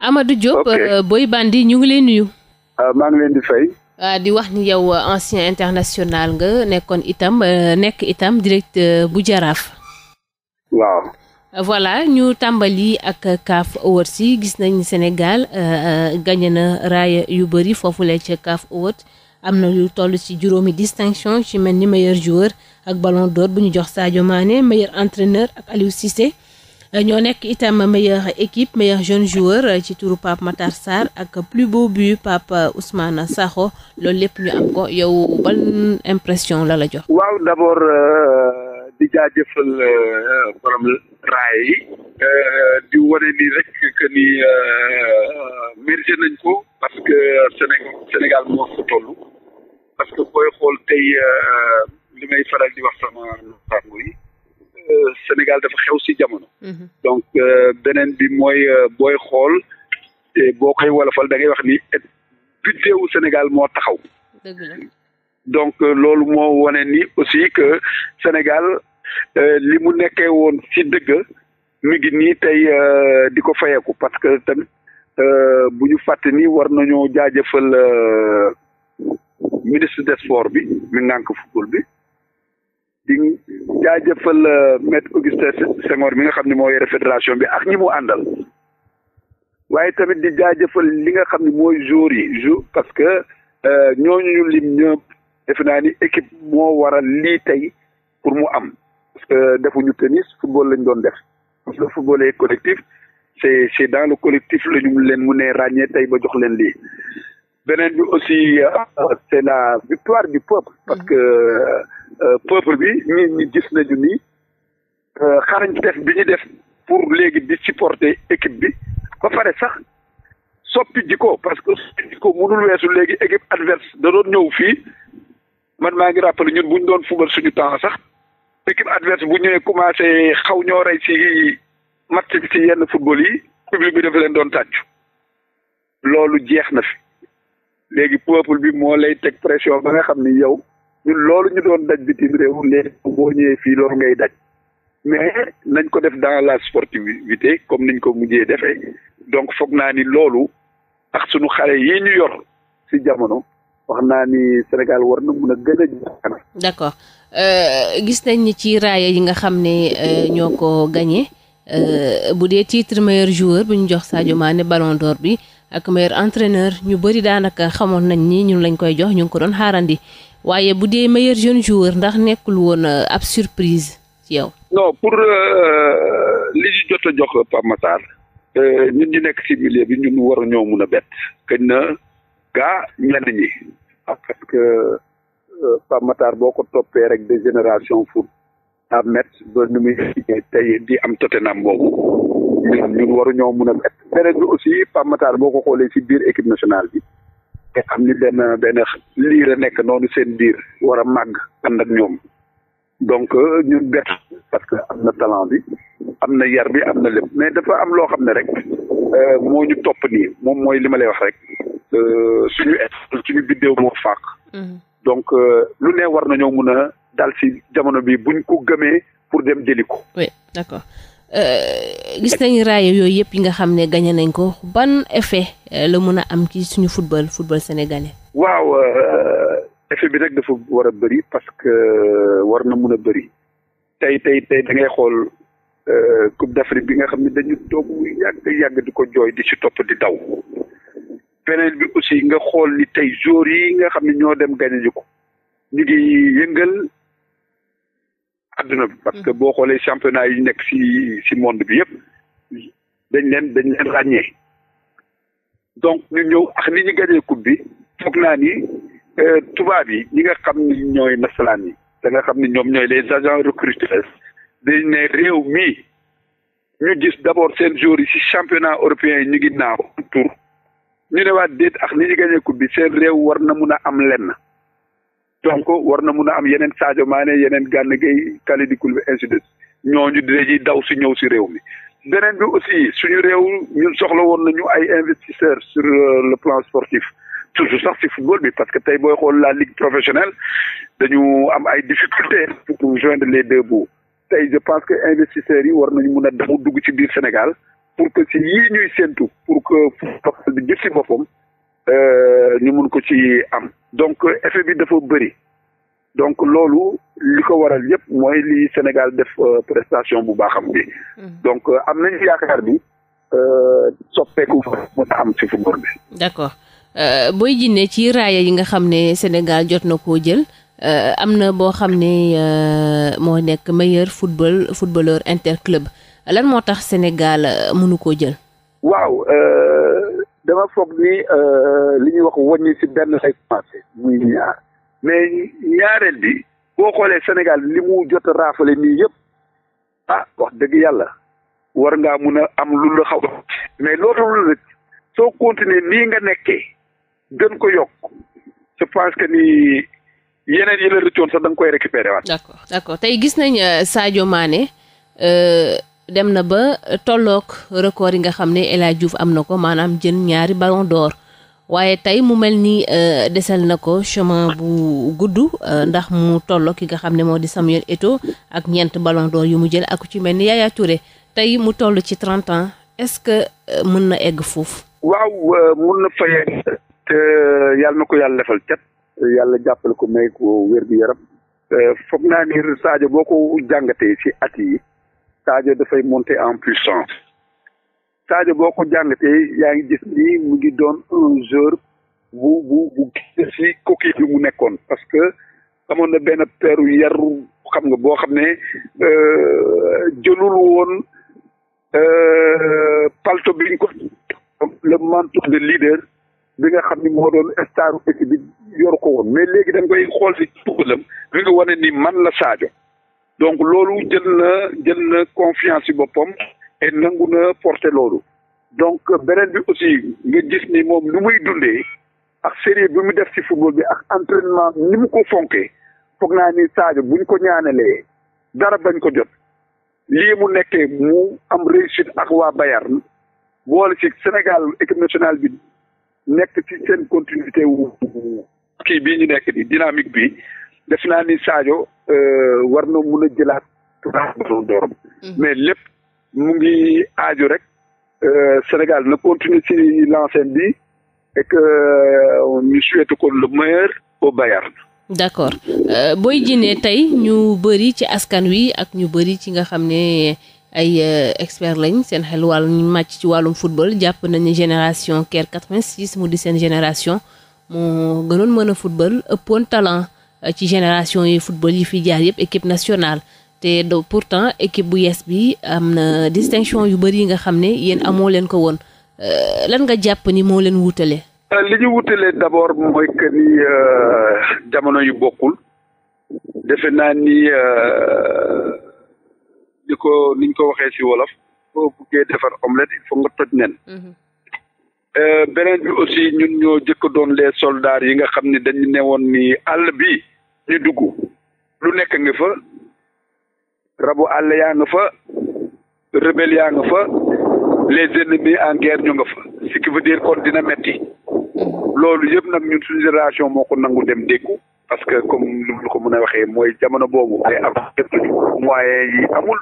Amadou Diop euh, Boy Bandi ñu ngi lay nuyu. Ah, maa ngi leen di fay. Ah, di wax ni yow euh, ancien international nga nekkoon itam euh, nekk itam directeur bu Jaraaf. waaw. voilà ñu tàmbali ak CAF Awards si gis nañ Sénégal gagné na raaya yu bëri foofu la ci kaaf Awards am na lu toll ci juróomi distinction ci mel ni meilleur joueur ak ballon d'or bu ñu jox Sadio Mané meilleur entraîneur ak Aliou Cissé. ñoo nekk itam meilleure équipe meilleur jeune joueur ci turu Pape Matar Sarr ak plus beau but Pape Ousmane Sakho loolu lépp ñu am ko yow ban impression la jox. waaw d'abord euh, di jaajëfal euh, borom raay yi euh, di wane ni rek que ni mérité nañ ko parce que Sénégal Sénégal moo ko toll parce que booy xool tey li may faral di wax sama naataango yi. Sénégal dafa xew si jamono. Mhm. donc euh, beneen bi mooy euh, booy xool te boo koy wolofal da ngay wax ni biddeewu Sénégal moo taxaw. donc euh, loolu moo wane ni aussi que Sénégal li mu nekkee woon ci dëgg mu ngi nii tey di ko fayeeku parce que tamit bu ñu fàtte nii war nañoo jaajëfal ministre des bi mi ngànk football bi. di jaajëfal euh, maître Augustin Senghor mi nga xam ne moo yore fédération bi ak ñi mu àndal waaye tamit di jaajëfal li nga xam ne mooy jour yi jour parce que euh, ñooñu ñu lim ñëpp defe naa ni équipe moo waral lii tey pour mu am parce que defuñu tennis football lañ doon def parce que football est collectif c'est c'est dans le collectif la leen mu ne ràññee tey ba jox leen lii beneen bi aussi euh, c'est la victoire du peuple parce que Euh, peuple bi ñi ñi gis nañu ni euh, xarañteef bi ñu def pour léegi di supporter équipe bi ba pare sax soppi jikko parce que soppi jikko mënul weesu léegi équipe adverse da doon ñëw fii man maa ngi rappelé ñun bu ñu doon fubal suñu temps sax équipe adverse bu ñëwee commencé xaw ñoo rey ci match bi si yenn football yi public bi dafa leen doon tàccu loolu jeex na fi léegi peuple bi moo lay teg pression ba nga xam ni yow ñun loolu ñu doon daj bitim réew léegi boo ñëwee fii loolu ngay daj mais nañ ko def dans la sportivité comme niñ ko mujjee defe donc foog naa ni loolu ak sunu xale yi ñu yor ci jamono wax naa ni Sénégal war na mun a gën a jàkkaana euh, gis nañ ni ci raaya yi nga xam ne euh, ñoo ko gagné euh, bu dee titre meilleur joueur bu ñu jox Sadio Mané Ballon d'Or bi ak meilleur entraîneur ñu bëri daanaka xamoon nañ ni ñun lañ koy jox ñu ngi ko doon xaarandi waaye bu dee meilleur jeune joueur ndax nekkul woon euh, ab surprise ci yow. non pour euh, li ñu jot a jox Pape Matar euh, ñu nekk ci milieu bi ñun war ñoo mun a bett kañ na gaa ñenn ñi parce que boo ko toppee rek de génération foot Ahmed ba nu muy tey di am Tottenham boobu ñun ñun waru ñoo mun a bett beneen bi aussi Pape Matar boo ko xoolee ci biir équipe nationale bi te xam ni benn benn lii la nekk noonu seen biir war a màgg ànd ak ñoom donc euh, ñun bett parce que am na talent bi am na yar bi am na lépp mais dafa am loo xam ne rek euh, moo ñu topp nii moom mooy li ma lay wax rek euh, suñu état suñu biddéew moo fàq mm-hmm. donc lu ne war ñëw mun a dal si jamono bi buñ ko gëmee pour dem jëli ko. oui d'accord. Euh, gis nañu raaye yooyu yëpp yi nga xam ne gañe nañ ko ban effet euh, la mën a am ci suñu football football sénégalais. waaw euh, effet bi nag dafa war a bëri parce que war na mun a bëri tey tey tey da ngay xool Coupe d'Afrique bi nga xam ne dañu toog muy yàgg yàgg di ko jooy di ci topp di daw beneen bi aussi nga xool ni tey jour yi nga xam ne ñoo dem gañe ji ko ñu ngi yëngal. àdduna bi parce que boo xoolee championnat yi nekk ci ci monde bi yëpp dañ leen dañ leen ràññee donc ñu ñëw ak ni ñu gagné coupe bi foog naa ni euh, tubaab yi ñi nga xam ni ñooy nasaraan yi da nga xam ni ñoom ñooy les agents recruteurs dañ ne réew mii ñu gis d'abord seen joueurs yi ci championnat européen yi ñu ngi naaw tour ñu ne waa déet ak ni ñu gagné coupe bi seen réew war na mun a am lenn. donc war na mun a am yeneen Sadio Mané yeneen Gana Gueye Kalidou Koulibaly ainsi de suite ñooñu daw si ñëw si réew mi beneen bi aussi suñu réew ñu soxla woon nañu ay investisseurs sur euh, le plan sportif toujours sax si football bi parce que tey booy xool la ligue professionnelle dañu am ay difficultés pour joindre les deux bouts tey je pense que investisseurs yi war nañu mun a daw dugg ci biir Sénégal pour que si yii ñuy séntu pour que football boppam Euh, ñu mun ko ci am donc effet bi dafa bëri donc loolu li ko waral yépp mooy li Sénégal def euh, prestation bu baaxam bi hmm. donc euh, am nañu yaakaar bi soppeeku mën a am ci football bi d'accord Boy Djiné ci raaya yi nga xam ne Sénégal jot na koo jël am na boo xam ne moo nekk meilleur football footballeur interclub lan moo tax Sénégal mënu koo jël waaw dama foog ni euh, li ñuy wax wàññi ci benn lay commencé muy ñaar mais ñaareel bi boo xoolee Sénégal li mu jot a raafale nii yëpp ah wax dëgg yàlla war ngaa mun a am lu la xaw mais loolu nag soo continuer nii nga nekkee gën ko yokk je pense que ni yeneen yi la rëccoon sax da koy récupérer waat. d'accord d'accord tey gis nañ euh, Sadio Mané. Euh, dem na ba tollook record yi nga xam ne El Hadj Diouf am na ko maanaam jën ñaari ballon d'or waaye tey mu mel ni euh, desal na ko chemin bu gudd euh, ndax mu tolloog yi nga xam ne moo di Samuel Eto'o ak ñeent ballon d'or yu mu jël ak ci mel ni Yaya Touré tey mu toll ci 30 ans est-ce que euh, mën na egg foofu. waaw mën na fa te yàlla na ko yàlla defal cat yàlla jàppale ko may ko wér-gu-yaram foog naa ni Sadio boo ko jàngatee ci at yi. Sadio dafay monter en puissance Sadio boo ko jàngatee yaa ngi gis ni mu ngi doon un bu bu bu si coquille bi mu nekkoon parce que amoon na benn peeru yaru xam nga boo xam ne euh, jëlul woon euh, palto bi ñu bi nga xam ni moo doon staru équipe bi yor ko woon mais léegi da koy xool si tugalam bi nga wane ni man la saajo donc loolu jël na jël na confiance ci boppam et nangu na porter loolu donc beneen bi aussi nga gis ni moom nu muy dundee ak sérieux bi mu def ci football bi ak entraînement ni mu ko fonkee foog naa ni Sadio buñ ko ñaanalee dara bañ ko jot lii mu nekkee mu am réussite ak waa Bayern boole ci Sénégal équipe nationale bi nekk ci seen continuité wu kii bii ñu nekk di dynamique bi def naa ni Sadio euh, war na mun a jëlaat mhm. mais lépp mu ngi aaju rek euh, Sénégal na continuer ci lancée bi et euh, ñu souhaite ko le meilleur au Bayern d'accord Boy Djiné tey ñu bëri ci askan wi ak ñu bëri ci nga xam ne ay expert lañ seen xel wàllu màcc ci wàllum football jàpp nañu génération Caire 86 mu di seen génération moo gënoon mën a football ëppoon talent ci génération yi football yi fi jaar yëpp équipe nationale te do pourtant équipe bu yees bi am na distinction yu bëri yi nga xam ne yéen amoo leen ko woon euh, lan nga jàpp ni moo leen wutale euh, li ñu wutalee d'abord mooy que ni euh, jamono yu bokkul defe naa ni ni ko niñ ko waxee ci wolof boo buggee defar omelette il faut nga toj nen mhm. beneen bi aussi ñun ñoo jëkk doon les soldats yi nga xam ne dañu newoon ni àll bi ñu dugg lu nekk nga fa rabu àll yaa nga fa rebelle yaa nga fa les ennemis en guerre ñu nga fa ce qui veut dire kon dina metti mhm. loolu yëpp nag ñun suñu génération moo ko nangu dem déggu parce que comme lu ko mën a waxee mooy jamono boobu ay am moyen yi amul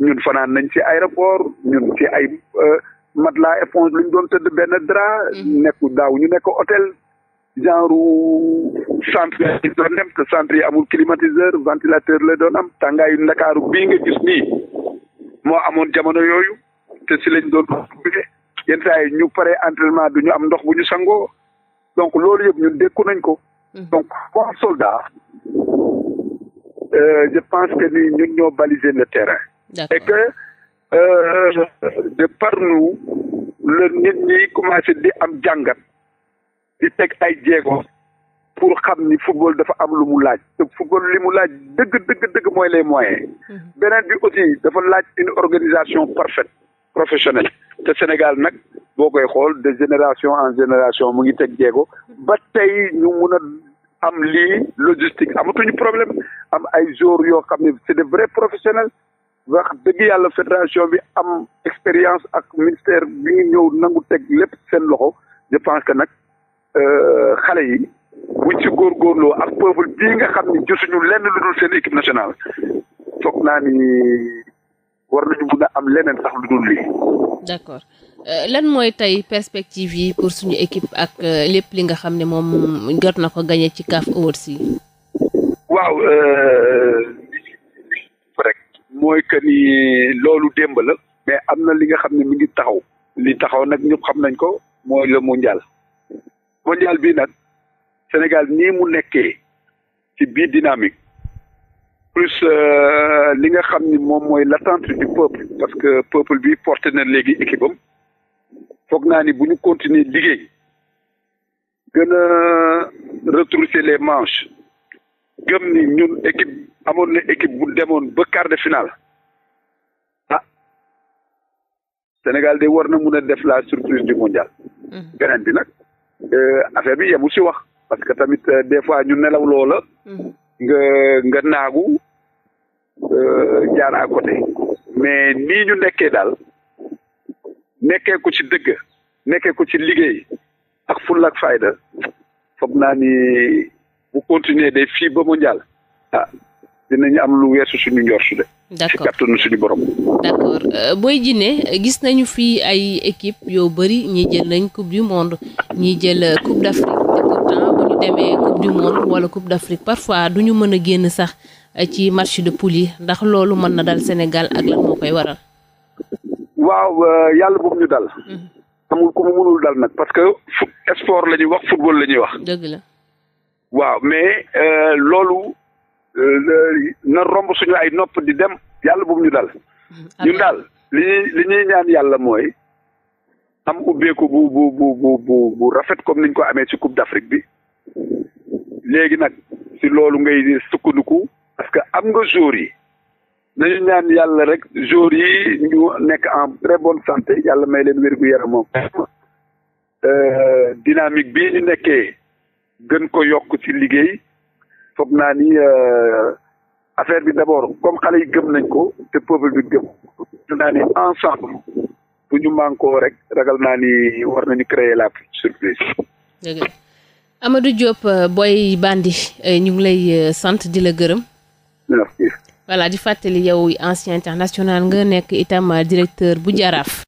ñun fanaan nañ ci aéroport ñun ci ay euh, matelas éponge lu ñu doon tëdd benn drap mhm. nekku daaw ñu nekk hôtel genre centre yi centre yi amul climatiseur ventilateur la doon am tàngaayu ndakaaru bii nga gis nii moo amoon jamono yooyu te si lañ doon bugee yenn saa yi ñu pare entraînement du ñu am ndox bu ñu sangoo donc loolu yëpp ñun dékku nañ ko mhm. donc foo soldat euh, je pense que ni ñun ñoo baliser le terrain et que euh, de par nous le nit ñi commencé di am jàngat di teg ay jéego pour xam ni football dafa am lu mu laaj te football li mu laaj dëgg dëgg dëgg mooy les moyens mhm. beneen bi aussi dafa laaj une organisation parfaite professionnelle te Sénégal nag boo koy xool de génération en génération mu ngi teg jéego ba tey ñu mun a am lii logistique amatuñu problème am ay joueurs yoo xam ne c'est des vrais professionnels wax dëgg yàlla fédération bi am expérience ak ministère bi ñu ñëw nangu teg lépp seen loxo je pense que nag Euh, xale yi buñ ci góorgóorloo ak peuple bii nga xam ni jotuñu lenn lu dul seen équipe nationale foog naa ni war nañu mun a am leneen sax lu dul lii. d'accord euh, lan mooy tey perspective yi pour suñu équipe ak euh, lépp li nga xam ne moom jot na ko gagné ci CAF Awards waaw rek mooy que ni loolu démb la. mais am na li nga xam ne mi ngi taxaw. li taxaw nag ñëpp xam nañ ko mooy le mondial. mondial bii nag Sénégal nii mu nekkee ci biir dynamique plus euh, li nga xam ni moom mooy l'attente du peuple parce que peuple bi porte na léegi équipe foog naa ni bu ñu continuer liggéey gën a retrousser les manches gëm ni ñun équipe amoon na équipe bu demoon ba quart de finale ah Sénégal de war na mun a def la surprise du mondial mm-hmm. beneen bi nag Euh, affaire bi yemul si wax parce tamit euh, des fois ñu nelaw loola mm-hmm. nga nga naagu euh, jaar à mais nii ñu nekkee daal nekkee ko ci dëgg nekkee ko ci liggéey ak fulla ak fayda foog naa ni bu continuer de fii ba mondial ah dinañu am lu weesu suñu njortu de d'accord kàttanu suñu borom. d'accord euh, Boy Djiné gis nañu fii ay équipe yoo bëri ñi jël nañ coupe du monde ñi jël euh, coupe d'Afrique ñu demee coupe du monde wala coupe d'Afrique parfois ñu mën a génn sax euh, ci match de poule yi ndax loolu mën na dal Sénégal ak lan moo koy waral. waaw yàlla boobu ñu dal. Mhm. amul ku mu mënul dal nag parce que sport la ñuy wax football la wax. dëgg la waaw mais loolu. Euh, na romb suñu ay nopp di dem yàlla bu ñu dal. Mm-hmm. ñun daal li ñuy ñaan yàlla mooy am ubbeeku bu bu bu bu bu rafet comme niñ ko amee ci Coupe d'Afrique bi léegi nag ci loolu ngay sukkandiku parce que am nga jour yi. nañu ñaan yàlla rek jour yi ñu nekk en très bonne santé yàlla may leen wér gu yaram moom euh, dynamique bii ñu nekkee gën ko yokk ci liggéey foog naa ni euh, affaire bi d'abord comme xale yi gëm nañ ko te peuple bi gëm foog naa ni ensemble bu ñu mànkoo rek ragal naa ni war nañu créer la surprise. dëgg la Amadou Diop euh, Boy Bandi euh, ñu ngi lay sant di la gërëm. merci. voilà di fàttali yow ancien international nga nekk itam directeur bu jaraaf.